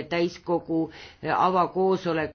täiskogu avakoosolek.